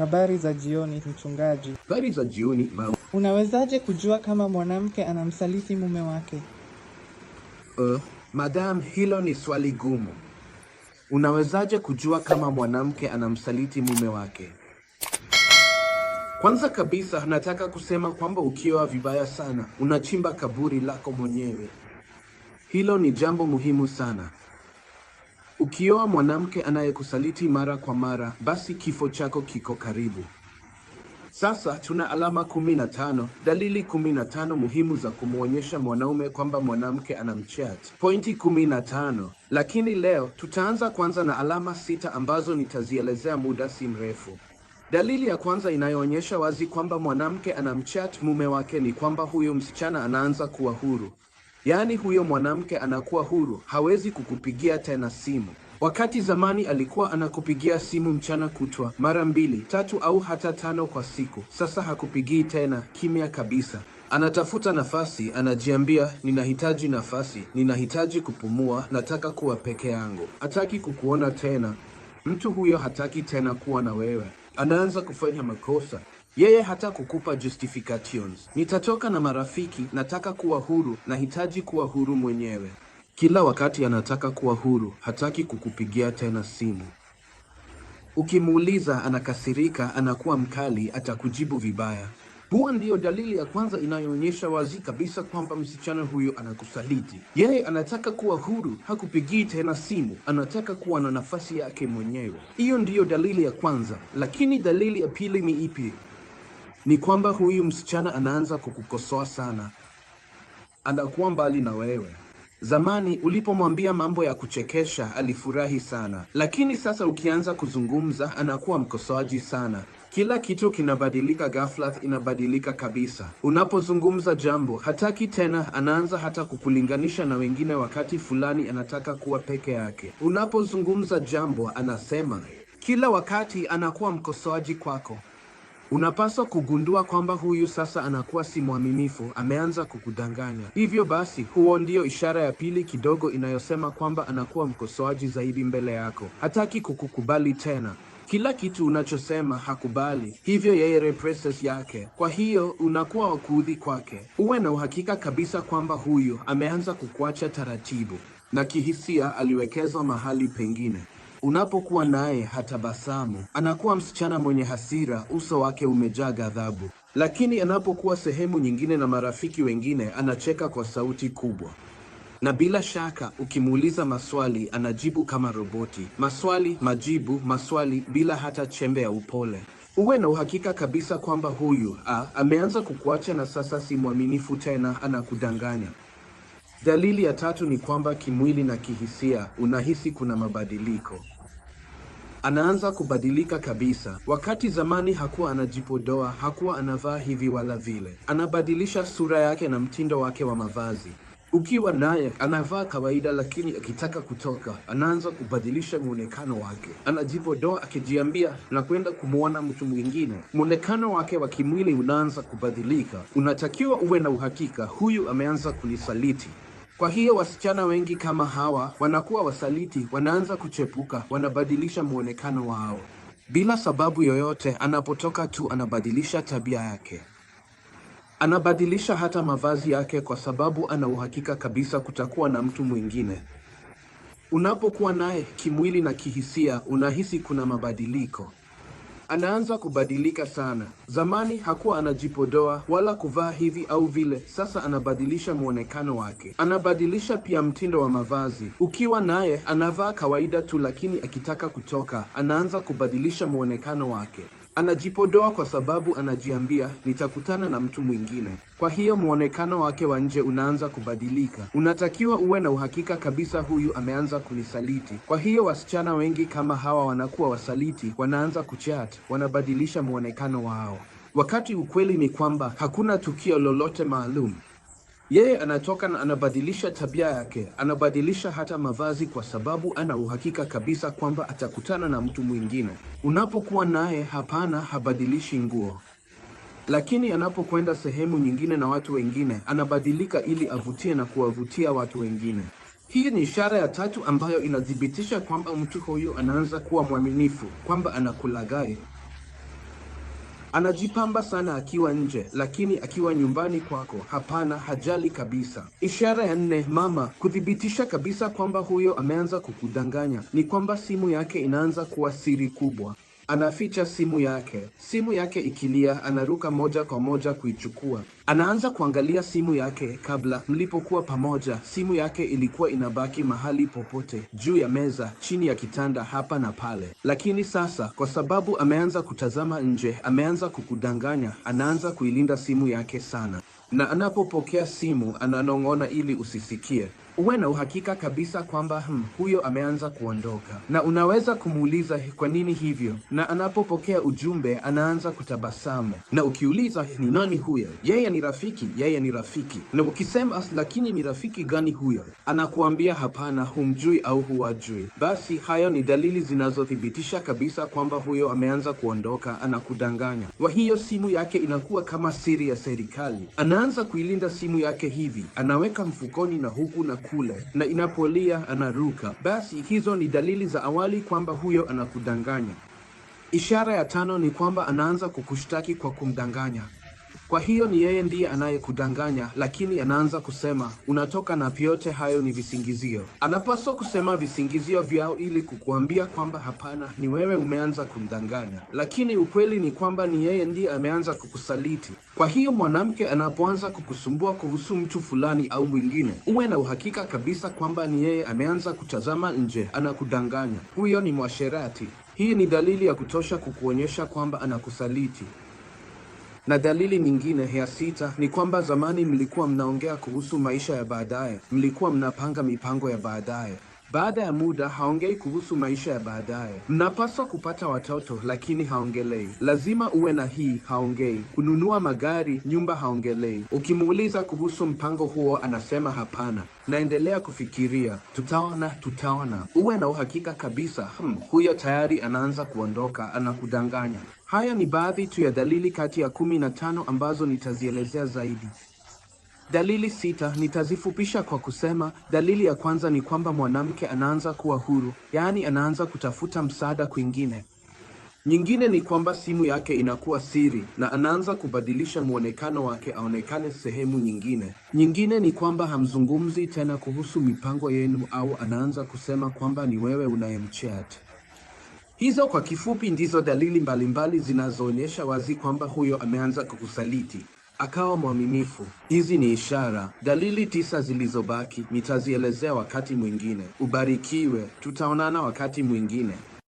Habari za jioni mchungaji. Habari za jioni mama. Unawezaje kujua kama mwanamke anamsaliti mume wake? Uh, madam, hilo ni swali gumu. Unawezaje kujua kama mwanamke anamsaliti mume wake? Kwanza kabisa nataka kusema kwamba ukiwa vibaya sana, unachimba kaburi lako mwenyewe. Hilo ni jambo muhimu sana. Ukioa mwanamke anayekusaliti mara kwa mara, basi kifo chako kiko karibu. Sasa tuna alama kumi na tano, dalili kumi na tano muhimu za kumwonyesha mwanaume kwamba mwanamke anamchat. Pointi kumi na tano, lakini leo tutaanza kwanza na alama sita ambazo nitazielezea muda si mrefu. Dalili ya kwanza inayoonyesha wazi kwamba mwanamke anamchat mume wake ni kwamba huyo msichana anaanza kuwa huru. Yaani huyo mwanamke anakuwa huru, hawezi kukupigia tena simu. Wakati zamani alikuwa anakupigia simu mchana kutwa mara mbili, tatu au hata tano kwa siku, sasa hakupigii tena, kimya kabisa. Anatafuta nafasi, anajiambia ninahitaji nafasi, ninahitaji kupumua, nataka kuwa peke yangu. Hataki kukuona tena. Mtu huyo hataki tena kuwa na wewe. Anaanza kufanya makosa. Yeye hata kukupa justifications. Nitatoka na marafiki, nataka kuwa huru, nahitaji kuwa huru mwenyewe. Kila wakati anataka kuwa huru, hataki kukupigia tena simu. Ukimuuliza anakasirika, anakuwa mkali, atakujibu vibaya. Huwa ndiyo dalili ya kwanza inayoonyesha wazi kabisa kwamba msichana huyo anakusaliti. Yeye anataka kuwa huru, hakupigii tena simu, anataka kuwa na nafasi yake mwenyewe. Hiyo ndiyo dalili ya kwanza, lakini dalili ya pili ni ipi? ni kwamba huyu msichana anaanza kukukosoa sana, anakuwa mbali na wewe. Zamani ulipomwambia mambo ya kuchekesha alifurahi sana, lakini sasa ukianza kuzungumza anakuwa mkosoaji sana. Kila kitu kinabadilika ghafla, inabadilika kabisa. Unapozungumza jambo hataki tena, anaanza hata kukulinganisha na wengine. Wakati fulani anataka kuwa peke yake. Unapozungumza jambo anasema, kila wakati anakuwa mkosoaji kwako. Unapaswa kugundua kwamba huyu sasa anakuwa si mwaminifu, ameanza kukudanganya. Hivyo basi, huo ndio ishara ya pili kidogo inayosema kwamba anakuwa mkosoaji zaidi mbele yako. Hataki kukukubali tena. Kila kitu unachosema hakubali, hivyo yeye represses yake. Kwa hiyo unakuwa wakuudhi kwake. Uwe na uhakika kabisa kwamba huyu ameanza kukuacha taratibu, na kihisia aliwekezwa mahali pengine. Unapokuwa naye hatabasamu, anakuwa msichana mwenye hasira, uso wake umejaa ghadhabu. Lakini anapokuwa sehemu nyingine na marafiki wengine, anacheka kwa sauti kubwa, na bila shaka ukimuuliza maswali anajibu kama roboti. Maswali, majibu, maswali, bila hata chembe ya upole. Uwe na uhakika kabisa kwamba huyu a, ameanza kukuacha na sasa si mwaminifu tena, anakudanganya. Dalili ya tatu ni kwamba kimwili na kihisia unahisi kuna mabadiliko. Anaanza kubadilika kabisa. Wakati zamani hakuwa anajipodoa, hakuwa anavaa hivi wala vile, anabadilisha sura yake na mtindo wake wa mavazi. Ukiwa naye anavaa kawaida, lakini akitaka kutoka anaanza kubadilisha mwonekano wake. Anajipodoa akijiambia na kwenda kumwona mtu mwingine. Mwonekano wake wa kimwili unaanza kubadilika. Unatakiwa uwe na uhakika, huyu ameanza kunisaliti. Kwa hiyo wasichana wengi kama hawa wanakuwa wasaliti, wanaanza kuchepuka, wanabadilisha mwonekano wao bila sababu yoyote. Anapotoka tu anabadilisha tabia yake, anabadilisha hata mavazi yake, kwa sababu ana uhakika kabisa kutakuwa na mtu mwingine. Unapokuwa naye kimwili na kihisia, unahisi kuna mabadiliko anaanza kubadilika sana. Zamani hakuwa anajipodoa wala kuvaa hivi au vile, sasa anabadilisha mwonekano wake. Anabadilisha pia mtindo wa mavazi. Ukiwa naye anavaa kawaida tu, lakini akitaka kutoka anaanza kubadilisha mwonekano wake. Anajipodoa kwa sababu anajiambia nitakutana na mtu mwingine. Kwa hiyo muonekano wake wa nje unaanza kubadilika. Unatakiwa uwe na uhakika kabisa, huyu ameanza kunisaliti. Kwa hiyo wasichana wengi kama hawa wanakuwa wasaliti, wanaanza kuchat, wanabadilisha muonekano wao, wakati ukweli ni kwamba hakuna tukio lolote maalum. Yeye anatoka na anabadilisha tabia yake, anabadilisha hata mavazi, kwa sababu ana uhakika kabisa kwamba atakutana na mtu mwingine. Unapokuwa naye, hapana, habadilishi nguo, lakini anapokwenda sehemu nyingine na watu wengine, anabadilika ili avutie na kuwavutia watu wengine. Hii ni ishara ya tatu ambayo inathibitisha kwamba mtu huyu anaanza kuwa mwaminifu, kwamba anakulagae Anajipamba sana akiwa nje, lakini akiwa nyumbani kwako hapana, hajali kabisa. Ishara ya nne, mama. Kuthibitisha kabisa kwamba huyo ameanza kukudanganya ni kwamba simu yake inaanza kuwa siri kubwa. Anaficha simu yake. Simu yake ikilia, anaruka moja kwa moja kuichukua. Anaanza kuangalia simu yake. Kabla mlipokuwa pamoja, simu yake ilikuwa inabaki mahali popote, juu ya meza, chini ya kitanda, hapa na pale. Lakini sasa, kwa sababu ameanza kutazama nje, ameanza kukudanganya, anaanza kuilinda simu yake sana, na anapopokea simu ananong'ona ili usisikie uwe na uhakika kabisa kwamba hm, huyo ameanza kuondoka, na unaweza kumuuliza kwa nini hivyo, na anapopokea ujumbe anaanza kutabasamu, na ukiuliza ni nani huyo, yeye ni rafiki, yeye ni rafiki. Na ukisema lakini ni rafiki gani huyo, anakuambia hapana, humjui au huwajui. Basi hayo ni dalili zinazothibitisha kabisa kwamba huyo ameanza kuondoka, anakudanganya. Kwa hiyo simu yake inakuwa kama siri ya serikali, anaanza kuilinda simu yake hivi, anaweka mfukoni na huku na kule, na inapolia anaruka. Basi hizo ni dalili za awali kwamba huyo anakudanganya. Ishara ya tano ni kwamba anaanza kukushtaki kwa kumdanganya. Kwa hiyo ni yeye ndiye anayekudanganya, lakini anaanza kusema unatoka na vyote hayo ni visingizio. Anapaswa kusema visingizio vyao ili kukuambia kwamba hapana, ni wewe umeanza kumdanganya, lakini ukweli ni kwamba ni yeye ndiye ameanza kukusaliti. Kwa hiyo mwanamke anapoanza kukusumbua kuhusu mtu fulani au mwingine, uwe na uhakika kabisa kwamba ni yeye ameanza kutazama nje, anakudanganya. Huyo ni mwasherati. Hii ni dalili ya kutosha kukuonyesha kwamba anakusaliti. Na dalili nyingine ya sita ni kwamba zamani mlikuwa mnaongea kuhusu maisha ya baadaye, mlikuwa mnapanga mipango ya baadaye. Baada ya muda haongei kuhusu maisha ya baadaye. Mnapaswa kupata watoto, lakini haongelei. Lazima uwe na hii, haongei. Kununua magari, nyumba, haongelei. Ukimuuliza kuhusu mpango huo, anasema hapana, naendelea kufikiria, tutaona, tutaona. Uwe na uhakika kabisa. Hmm, huyo tayari anaanza kuondoka, anakudanganya. Haya ni baadhi tu ya dalili kati ya kumi na tano ambazo nitazielezea zaidi. Dalili sita nitazifupisha kwa kusema, dalili ya kwanza ni kwamba mwanamke anaanza kuwa huru, yaani anaanza kutafuta msaada kwingine. Nyingine ni kwamba simu yake inakuwa siri na anaanza kubadilisha mwonekano wake aonekane sehemu nyingine. Nyingine ni kwamba hamzungumzi tena kuhusu mipango yenu au anaanza kusema kwamba ni wewe unayemchat. Hizo kwa kifupi ndizo dalili mbalimbali zinazoonyesha wazi kwamba huyo ameanza kukusaliti akawa mwaminifu. Hizi ni ishara. Dalili tisa zilizobaki nitazielezea wakati mwingine. Ubarikiwe, tutaonana wakati mwingine.